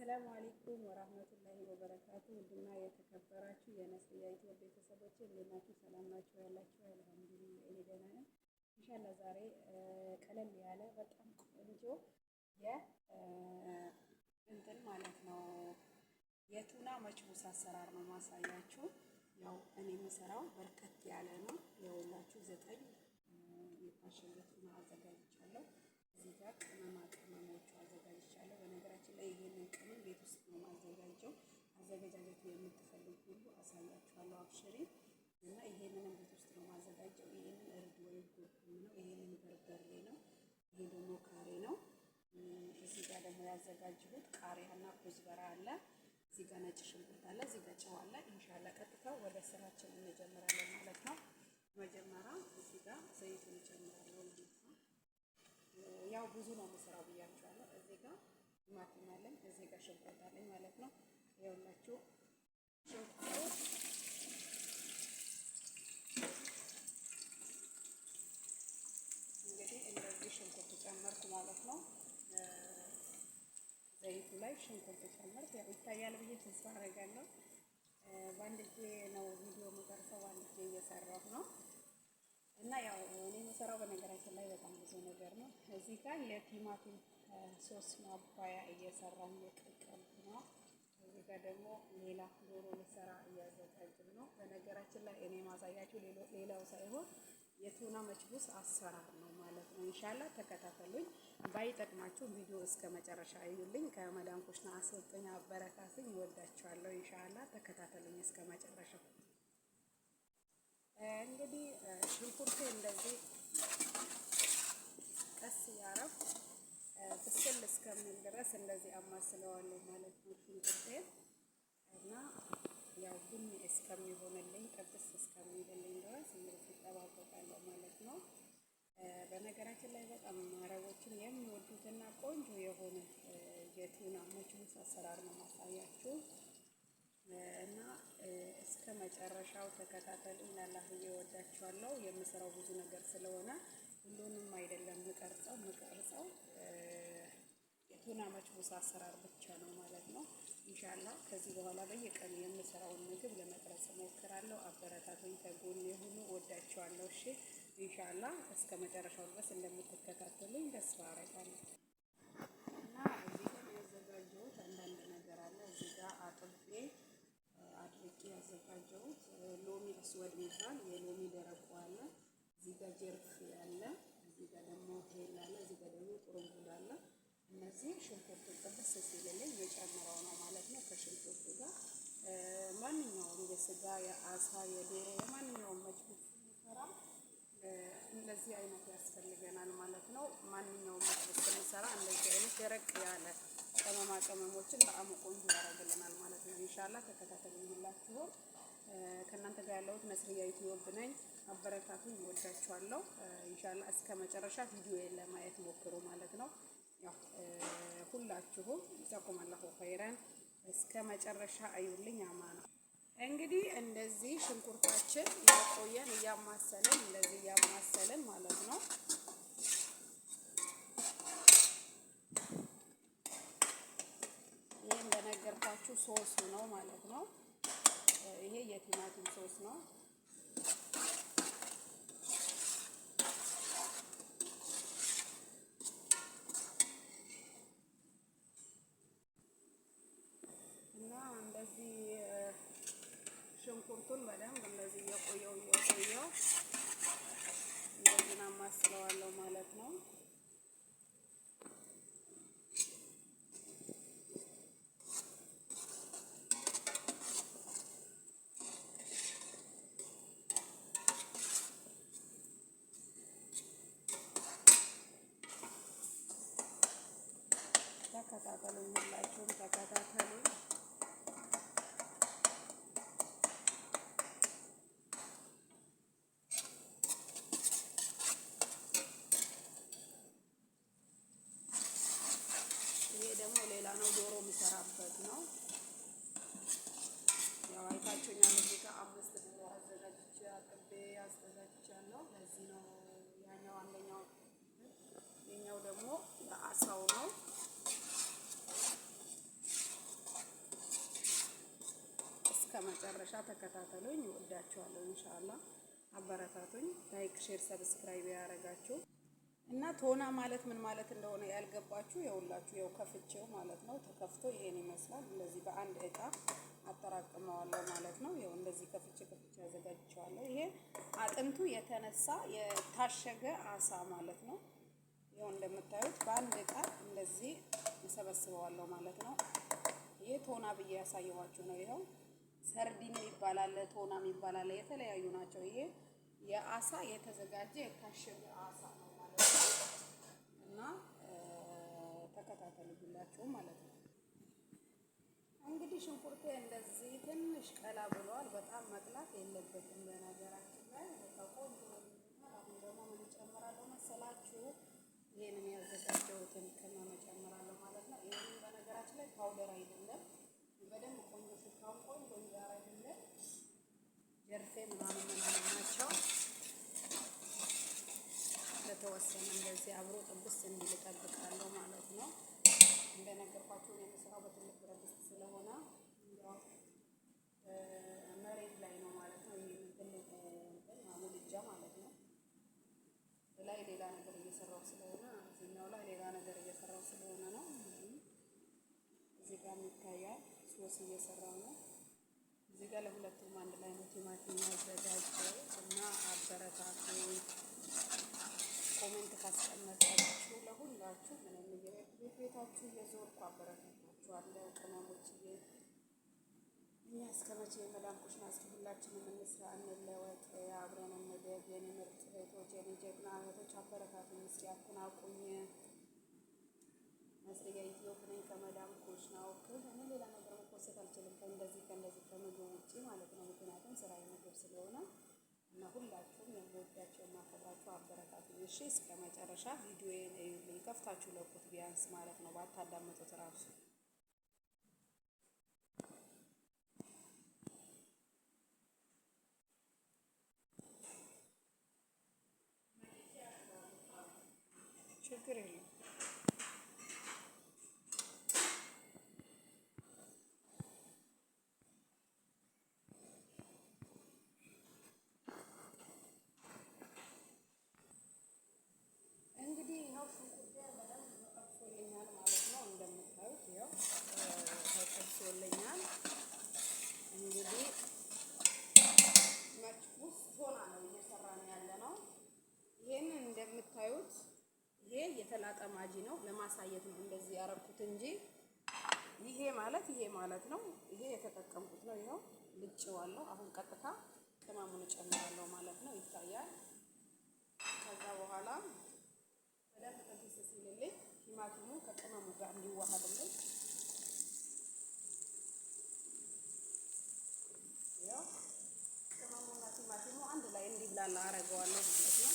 አሰላሙ አሌይኩም ወራህመቱላሂ ወበረካቱ። ውድና የተከበራችሁ የነስያ ኢትዮ ቤተሰቦች እንዴት ናችሁ? ሰላም ናችሁ ያላችሁ? አልሐምዱሊላህ እኔ ደህና ነኝ። ኢንሻላህ ዛሬ ቀለል ያለ በጣም ቆንጆ የእንትን ማለት ነው የቱና መችቡስ አሰራር ነው ማሳያችሁ። ያው እኔ የምሰራው በርከት ያለ ነው የወላችሁ ዘጠኝ የታሸገ ቱና አዘጋጅቻለሁ። እዚህ ጋር ቅመማ ቅመሞቹ ቤት ውስጥ ነው ማዘጋጀው። አዘገጃጀቱ የምትፈልጉ ሁሉ አሳያችኋለሁ። አብሽሪ እና ይሄንንም ቤት ውስጥ ነው ማዘጋጀው። ይሄንን እርድ ወይም ኩርኩም ነው። ይሄንን በርበሬ ነው። ይሄ ደግሞ ካሬ ነው። እዚህ ጋር ደግሞ ያዘጋጅሁት ቃሪያና ኩዝበራ አለ። እዚህ ጋር ነጭ ሽንኩርት አለ። እዚህ ጋር ጨው አለ። ኢንሻላ ቀጥታ ወደ ስራችን እንጀምራለን ማለት ነው። መጀመሪያ እዚህ ጋር ዘይቱን እጨምራለሁ ያው ብዙ ነው የምሰራው ብያለሁ። ቲማቲም አለኝ እዚህ ጋር ሽንኩርት አለኝ ማለት ነው። ይኸውላችሁ ሽንኩርቱ እንግዲህ እንደዚህ ሽንኩርት ጨመርኩ ማለት ነው። ዘይቱ ላይ ሽንኩርት ጨመርኩ። ያው ይታያል ብዬ ተስፋ አደርጋለሁ። በአንድ ጊዜ ነው ቪዲዮ መቀርሰው በአንድ ጊዜ እየሰራሁ ነው እና ያው እኔ የምሰራው በነገራችን ላይ በጣም ብዙ ነገር ነው። እዚህ ጋር የቲማቲም ሶስት ማባያ እየሰራ እየቀቀልኩ ነው። እዚህ ጋር ደግሞ ሌላ ዶሮ ልሰራ እያዘጋጅብ ነው። በነገራችን ላይ እኔ ማሳያችሁ ሌላው ሳይሆን የቱና መችቡስ አሰራር ነው ማለት ነው። እንሻላ ተከታተሉኝ። ባይጠቅማችሁ ቪዲዮ እስከ መጨረሻ አዩልኝ ከመዳን ኩሽና አስወጡኝ፣ አበረታትኝ። ወዳችኋለሁ። ኢንሻላ ተከታተሉኝ እስከ መጨረሻ። እንግዲህ ሽንኩርቴ እንደዚህ ቀስ እያረፍ ብስል እስከምን ድረስ እንደዚህ አማስለዋለሁ ማለት ነው። ሽንኩርቴን እና ያው ቡኒ እስከሚሆንልኝ ጥብስ እስከሚሆንልኝ ድረስ እንደዚህ ይጠባበቃለሁ ማለት ነው። በነገራችን ላይ በጣም አረቦችን የሚወዱትና ቆንጆ የሆነ የቱና መችሙስ አሰራር ነው ማሳያችሁ እና እስከ መጨረሻው ተከታተሉ። ላላህ እየወዳችኋለሁ። የምሰራው ብዙ ነገር ስለሆነ ሁሉንም አይደለም ምቀርጸው ምቀርጸው ቱና መችቡሳ አሰራር ብቻ ነው ማለት ነው። ኢንሻላ ከዚህ በኋላ በየቀኑ የምሰራውን ምግብ ለመቅረጽ ሞክራለሁ። አበረታቶኝ ከጎን የሆኑ ወዳቸዋለሁ። እሺ ኢንሻላ እስከ መጨረሻው ድረስ እንደምትከታተሉኝ ተስፋ አረጋለሁ። እና እዚህ ጋር ያዘጋጀሁት አንዳንድ ነገር አለ። እዚህ ጋር አጥቤ አድርቄ ያዘጋጀሁት ሎሚ አስወድ ይባል የሎሚ ደረቁ አለ። እዚህ ጋር ጀርፍ ያለ፣ እዚህ ጋር ደግሞ ሄል አለ። እዚህ ጋር ደግሞ ቁርንጉድ አለ። እነዚህ ሽንኩርቱ ጥብስ ሲልልኝ የጨምረው ነው ማለት ነው። ከሽንኩርቱ ጋር ማንኛውም የስጋ የአሳ የዶሮ የማንኛውም መጭ ስንሰራ እንደዚህ አይነት ያስፈልገናል ማለት ነው። ማንኛውም መጭ ስንሰራ እንደዚህ አይነት ደረቅ ያለ ቅመማ ቅመሞችን ጣዕሙ ቆንጆ ያደርግልናል ማለት ነው። ኢንሻላ ተከታተል ይሁላችሁም ከእናንተ ጋር ያለሁት መስሪያ ዩቲዩብ ነኝ። አበረታቱን፣ እወዳችኋለሁ። ኢንሻላ እስከ መጨረሻ ቪዲዮ ለማየት ሞክሩ ማለት ነው። ሁላችሁም ጀዛኩሙላሁ ኸይረን እስከ መጨረሻ አዩልኝ። አማና እንግዲህ እንደዚህ ሽንኩርታችን እያቆየን እያማሰልን እንደዚህ እያማሰልን ማለት ነው ይህ እንደነገርኳችሁ ሶሱ ነው ማለት ነው። ይሄ የቲማቲም ሶስ ነው። ሽንኩርቱን በደንብ እንደዚህ እየቆየው እየቆየው እንደዚህ አማስለዋለሁ ማለት ነው። ነው። ያው አይታችሁኛል። እዚህ ጋር አምስት ዶሮ አዘጋጅቼ አቅቤ አዘጋጅቻለሁ። ለዚህ ነው ያኛው አንደኛው፣ ደግሞ ለአሳው ነው። እስከ መጨረሻ ተከታተሉኝ። እወዳችኋለሁ። ኢንሻአላህ አበረታቱኝ። ላይክ፣ ሼር፣ ሰብስክራይብ ያደረጋችሁ እና ቶና ማለት ምን ማለት እንደሆነ ያልገባችሁ የሁላችሁ የው ከፍቼው ማለት ነው። ተከፍቶ ይሄን ይመስላል። እንደዚህ በአንድ እቃ አጠራቅመዋለሁ ማለት ነው። የው እንደዚህ ከፍቼ ከፍቼ አዘጋጅቸዋለሁ። ይሄ አጥንቱ የተነሳ የታሸገ አሳ ማለት ነው። ይኸው እንደምታዩት በአንድ እቃ እንደዚህ እሰበስበዋለሁ ማለት ነው። ይሄ ቶና ብዬ ያሳየኋችሁ ነው። ይኸው ሰርዲን ይባላለ ቶናም ቶና የተለያዩ ናቸው። ይሄ የአሳ የተዘጋጀ የታሸገ አሳ ነው። እና ተከታተሉ ሁላችሁ ማለት ነው። እንግዲህ ሽንኩርቴ እንደዚህ ትንሽ ቀላ ብለዋል። በጣም መቅላት የለበትም። በነገራችን ላይ ቆንጆ አሁን ደግሞ ምን እጨምራለሁ መሰላችሁ? ይሄንን ያዘጋጀሁትን ቅመም እጨምራለሁ ማለት ነው። ይሄንን በነገራችን ላይ ፓውደር አይደለም፣ በደንብ ቆንጆ ሽታውን ቆንጆ እንዲያረግልን ጀርፌ ምናምን ምናምን ናቸው ተወሰነ እንደዚህ አብሮ ጥብስ እንዲል እጠብቃለሁ ማለት ነው። እንደነገርኳችሁ የምሰራው በትልቅ ብረት ድስት ስለሆነ መሬት ላይ ነው ማለት ነው። ይህ ትልቅ ምድጃ ማለት ነው። ላይ ሌላ ነገር እየሰራው ስለሆነ እዚህኛው ላይ ሌላ ነገር እየሰራው ስለሆነ ነው። እዚህ ጋር ይታያል ሶስ እየሰራው ነው። እዚህ ጋር ለሁለቱም አንድ ላይ ነው ቲማቲም ያዘጋጀው እና አበረታቱ ካስቀመጣችሁ ለሁላችሁ ምንም እየቤት ቤታችሁ እየዞርኩ አበረታታችኋለሁ። ቅመሞችዬ እኛ እስከ መቼ መዳንኩሽና እስኪ ሁላችንም እንስራ፣ እንለወጥ፣ አብረን እንድግ። የኔ ምርጥ እህቶች፣ የኔ ጀግና እህቶች አበረታቱኝ እስኪ አትናቁኝ። መስሪያ ኢትዮፕ ነኝ ከመዳም ኩሽና ወክል እኔ ሌላ ነገር መኮሰት አልችልም፣ ከእንደዚህ ከእንደዚህ ከምግብ ውጭ ማለት ነው። ምክንያቱም ስራ ምግብ ስለሆነ እና ሁላችሁም የምወዳቸው ማከብራቸው አድርሼ እስከ መጨረሻ ቪዲዮዬን እዩልኝ። ከፍታችሁ ለቁት ቢያንስ ማለት ነው ባታዳምጡት ራሱ በደንብ ተጠብሶልኛል ማለት ነው። እንደምታዩት ነው እየሰራ ነው ይህን እንደምታዩት ይሄ የተላጠ ማጂ ነው፣ ለማሳየት ነው እንደዚህ ያረኩት እንጂ ይሄ ማለት ይሄ ማለት ነው። ይሄ የተጠቀምኩት ነው። ይኸው ልጬዋለሁ። አሁን ቀጥታ ቅመሙን እጨምራለሁ ማለት ነው። ይታያል። ከዛ በኋላ ሲልልኝ ቲማቲሙ ከቅመሙ ጋር እንዲዋሃድልኝ ቅመሙና ቲማቲሙ አንድ ላይ እንዲብላላ አረገዋለሁ ማለት ነው።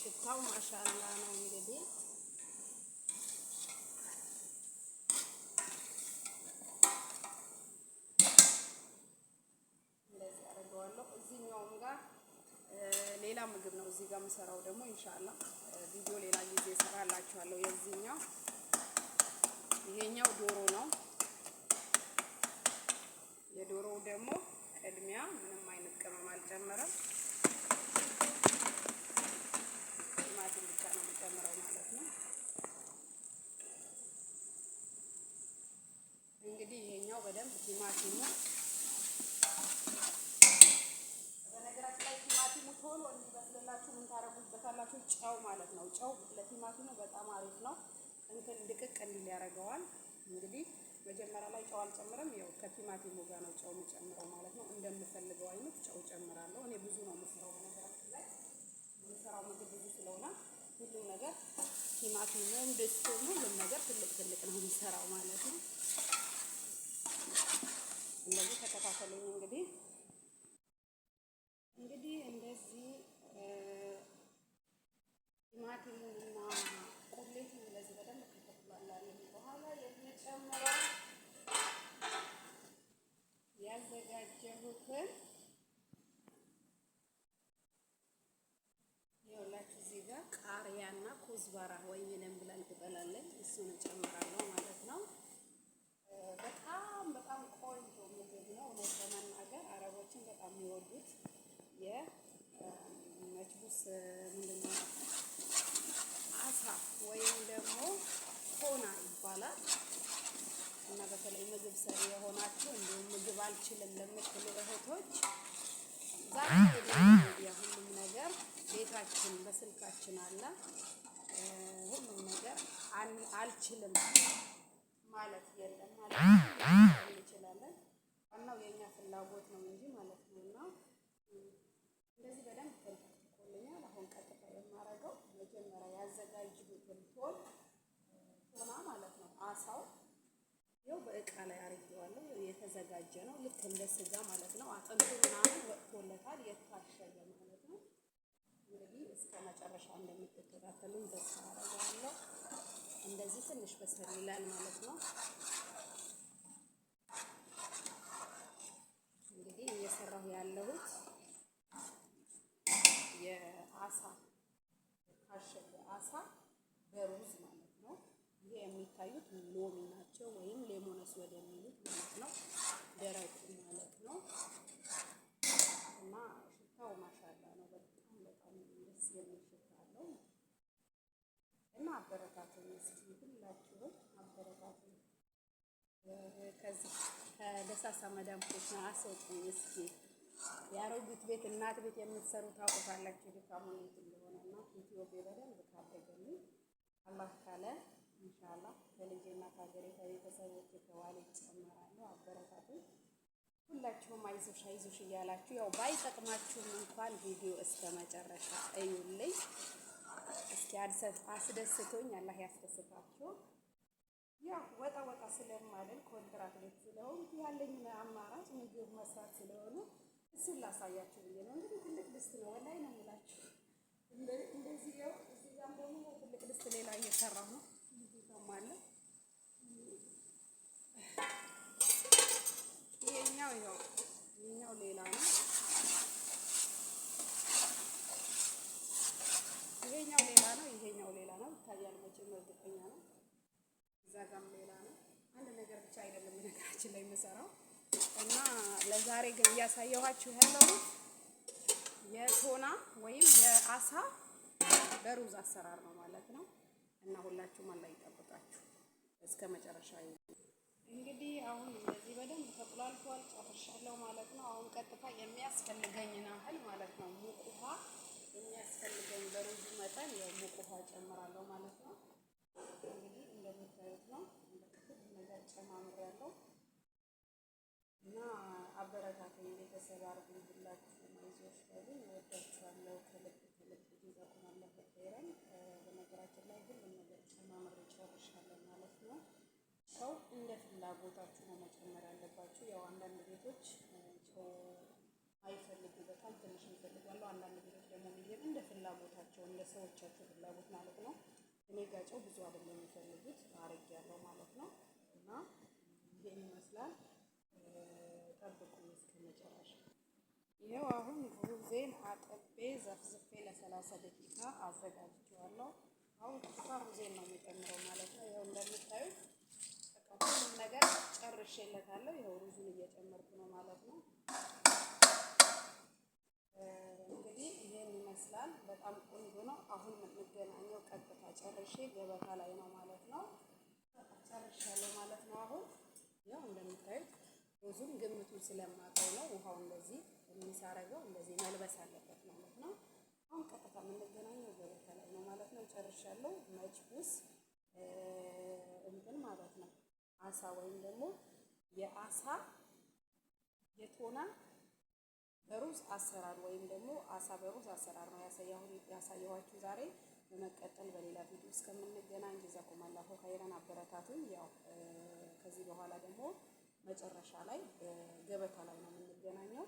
ሽታው ማሻላ ነው። እዚህ ጋር የምሰራው ደግሞ ኢንሻአላ ቪዲዮ ሌላ ጊዜ እሰራላችኋለሁ። የዚህኛው ይሄኛው ዶሮ ነው። የዶሮው ደግሞ ቅድሚያ ምንም አይነት ቅመም አልጨመረም። ቲማቲም ብቻ ነው የምጨምረው ማለት ነው። እንግዲህ ይሄኛው በደንብ ቲማቲሙ በነገራችን ላይ ቲማቲሙ ቶሎ አድርጋችሁ ምን ታደርጉበታላችሁ? ጨው ማለት ነው። ጨው ለቲማቲሙ በጣም አሪፍ ነው። እንትን ድቅቅ እንዲል ያደርገዋል። እንግዲህ መጀመሪያ ላይ ጨው አልጨምርም። ያው ከቲማቲሙ ጋር ነው ጨው የምጨምረው ማለት ነው። እንደምፈልገው አይነት ጨው ጨምራለሁ። እኔ ብዙ ነው የምሰራው በነገራችን ላይ የምሰራው ምግብ ብዙ ስለሆነ ሁሉም ነገር ቲማቲሙ ድስቱም ሁሉም ነገር ትልቅ ትልቅ ነው የሚሰራው ማለት ነው። እንደዚህ ተከታተሉኝ እንግዲህ እንግዲህ እንደዚህ ቲማቲሙንና ቁሌቱን እንደዚህ በደንብ ከተቁላላለን በኋላ የምንጨምረው ያዘጋጀሁትን እዚህ ጋር ቃሪያና ኩዝባራ ወይም ቤተሰብ የሆናችሁ እንዲሁም ምግብ አልችልም ለምትሉ እህቶች ዛሬ ሁሉም ነገር ቤታችን በስልካችን አለ። ሁሉም ነገር አልችልም ማለት የለም ማለት እንችላለን። ዋናው የእኛ ፍላጎት ነው እንጂ ማለት ነው እና እንደዚህ በደንብ ተልቶልኛል። አሁን ቀጥታ የማደርገው መጀመሪያ ያዘጋጅሁትን ቶል ማለት ነው አሳው ይኸው በእቃ ላይ አርጌዋለሁ። የተዘጋጀ ነው፣ ልክ እንደ ስጋ ማለት ነው። አጥንቱ ምናምን ወጥቶለታል፣ የታሸገ ማለት ነው። እንግዲህ እስከ መጨረሻ እንደምትከታተሉኝ በቃ አደርጋለሁ። እንደዚህ ትንሽ በሰል ይላል ማለት ነው። የምታዩት ሎሚ ናቸው ወይም ሌሞነስ የሚሉት ማለት ነው። ደረቁ ማለት ነው እና ሽታው ማሻላ ነው። በጣም በጣም ደስ የሚል ሽታ አለው እና አበረታቱኝ፣ እስኪ ሁላችሁም አበረታቱኝ። ከዚህ ከደሳሳ መዳም ኩሽና አስወጡኝ እስኪ የአሮጊት ቤት እናት ቤት የምትሰሩ ታውቁታላችሁ ድካሙ እንደሆነ እና ኢትዮጵያ በደንብ ካደገልኝ አላህ ካለ ኢንሻላ ከልጄና ከሀገሬ ከቤተሰቦች የተዋለች ጨመራለሁ። አበረታቱ ሁላችሁም አይዞሽ አይዞሽ እያላችሁ ያው ባይጠቅማችሁም እንኳን ቪዲዮ እስከ መጨረሻ እዩልኝ። እስኪ አስደስቶኝ አላህ ያስደስታችሁ። ያው ወጣ ወጣ ስለማለን ኮንትራት ቤት ስለሆንኩ ያለኝ አማራጭ ምግብ መስራት ስለሆነ እሱን ላሳያችሁ ብዬ ነው። እንግዲህ ትልቅ ድስት ነው ወላሂ ነው የምላችሁ። እንደዚህ ያው እዚህ ጋር ደግሞ ትልቅ ድስት ሌላ እየሰራሁ ነው አደርገዋለሁ። ይሄኛው ይኸው ይሄኛው ሌላ ነው። ይሄኛው ሌላ ነው። ይሄኛው ሌላ ነው። ይታያል መቼም እርግጠኛ ነው። እዛ ጋም ሌላ ነው። አንድ ነገር ብቻ አይደለም ነገራችን ላይ የምሰራው እና ለዛሬ ግን እያሳየኋችሁ ያለው የቶና ወይም የአሳ በሩዝ አሰራር ነው። እና ሁላችሁም አላህ ይጠብቃችሁ እስከ መጨረሻ። እንግዲህ አሁን እንደዚህ በደንብ ተቁላልቷል፣ ጨርሻለሁ ማለት ነው። አሁን ቀጥታ የሚያስፈልገኝን ያህል ማለት ነው ሙቅ ውሃ የሚያስፈልገኝ በሩዙ መጠን የሙቅ ውሃ ጨምራለሁ ማለት ነው። እንግዲህ እንደምታዩት ነው ነገር ጨማምሬያለሁ እና አበረታተኝ ቤተሰብ አድርጉኝ። ሁላችሁ አይዞሽ በሉኝ። እወዳችኋለሁ ከልብ ከልብ ጊዜ ቁማለበት ይረን ላይ ሁሉም ነገር ጨማምሬ ጨርሻለሁ ማለት ነው። ሰው እንደ ፍላጎታችሁ ነው መጨመር ያለባችሁ። ያው አንዳንድ ቤቶች አይፈልጉ በጣም ትንሽ ይፈልጋሉ። አንዳንድ ቤቶች ደግሞ ብዬ እንደ ፍላጎታቸው እንደ ሰዎቻቸው ፍላጎት ማለት ነው። እኔ ጋ ጨው ብዙ አይደለም የሚፈልጉት አረግ ያለው ማለት ነው። እና ይሄን ይመስላል። ጠብቁ እስከ መጨረሻ። ይኸው አሁን ሩዜን አጥቤ ዘፍዝፌ ለሰላሳ ደቂቃ አዘጋጅቼዋለሁ። አሁን ከዛ ሩዜን ነው የሚጨምረው ማለት ነው። ይኸው እንደምታዩት ሁሉም ነገር ጨርሼለታለሁ። ይኸው ሩዙን እየጨመርኩ ነው ማለት ነው። እንግዲህ ይህን ይመስላል። በጣም ቆንጆ ነው። አሁን የምገናኘው ቀጥታ ጨርሼ ገበታ ላይ ነው ማለት ነው። ጨርሻለሁ ማለት ነው። አሁን ያው እንደምታዩት ሩዙን ግምቱን ስለማውቀው ነው ውሃው እንደዚህ የሚሳረገው እንደዚህ መልበስ አለበት ማለት ነው። አሁን ቀጥታ የምንገናኘው ገበታ ላይ ነው ማለት ነው። ጨርሻለሁ መጭቡስ እንትን ማለት ነው አሳ ወይም ደግሞ የአሳ የቶና በሩዝ አሰራር ወይም ደግሞ አሳ በሩዝ አሰራር ነው ያሳየኋችሁ ዛሬ። በመቀጠል በሌላ ቪዲዮ እስከምንገናኝ ጀዛኩም አላሁ ኸይረን አበረታቱኝ። ያው ከዚህ በኋላ ደግሞ መጨረሻ ላይ ገበታ ላይ ነው የምንገናኘው።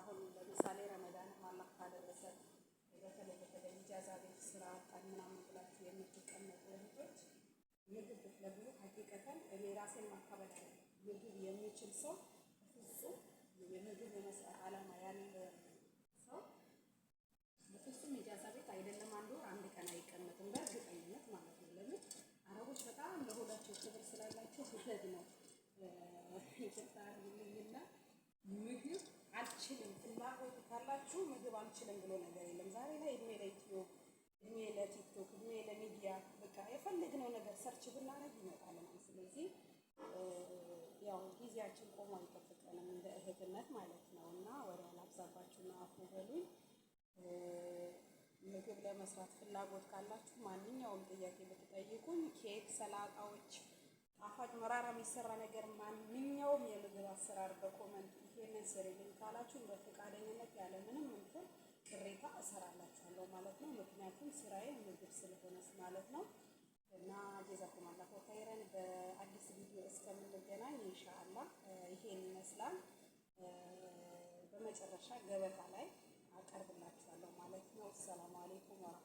አሁን ለምሳሌ ረመዳን አላህ ካደረሰ በተለይ በተለይ ኢጃዛ ቤት ስራ አጣን ምናምን ብላችሁ የምትቀመጡ እህቶች ምግብ ብትለግሉ ሀቂቀተን እኔ ራሴን ማካበድ ምግብ የሚችል ሰው ፍጹም የምግብ የመስራት አላማ አልችልም ፍላጎቱ ካላችሁ ምግብ አልችልም ብሎ ነገር የለም። ዛሬ ላይ እድሜ ለዩቲዩብ፣ እድሜ ለቲክቶክ፣ እድሜ ለሚዲያ በቃ የፈለግነው ነገር ሰርች ብናረግ ይመጣልናል። ስለዚህ ያው ጊዜያችን ቆሞ አይጠብቀንም እንደ እህትነት ማለት ነው እና ወደ ላብዛባችሁና አፉ በሉኝ። ምግብ ለመስራት ፍላጎት ካላችሁ ማንኛውም ጥያቄ ብትጠይቁኝ ኬክ፣ ሰላጣዎች ጣፋጭ መራራ የሚሰራ ነገር ማንኛውም የምግብ አሰራር በኮመንት ይሄንን ስሪልኝ ካላችሁ በፈቃደኝነት ያለ ምንም እንትን ቅሬታ እሰራላችኋለሁ ማለት ነው። ምክንያቱም ስራዬ ምግብ ስለሆነ ማለት ነው። እና ጀዛኩም አላሁ ኸይረን። በአዲስ ቪዲዮ እስከምንገናኝ እንሻአላ ይሄን ይመስላል። በመጨረሻ ገበታ ላይ አቀርብላችኋለሁ ማለት ነው። ሰላም ወራ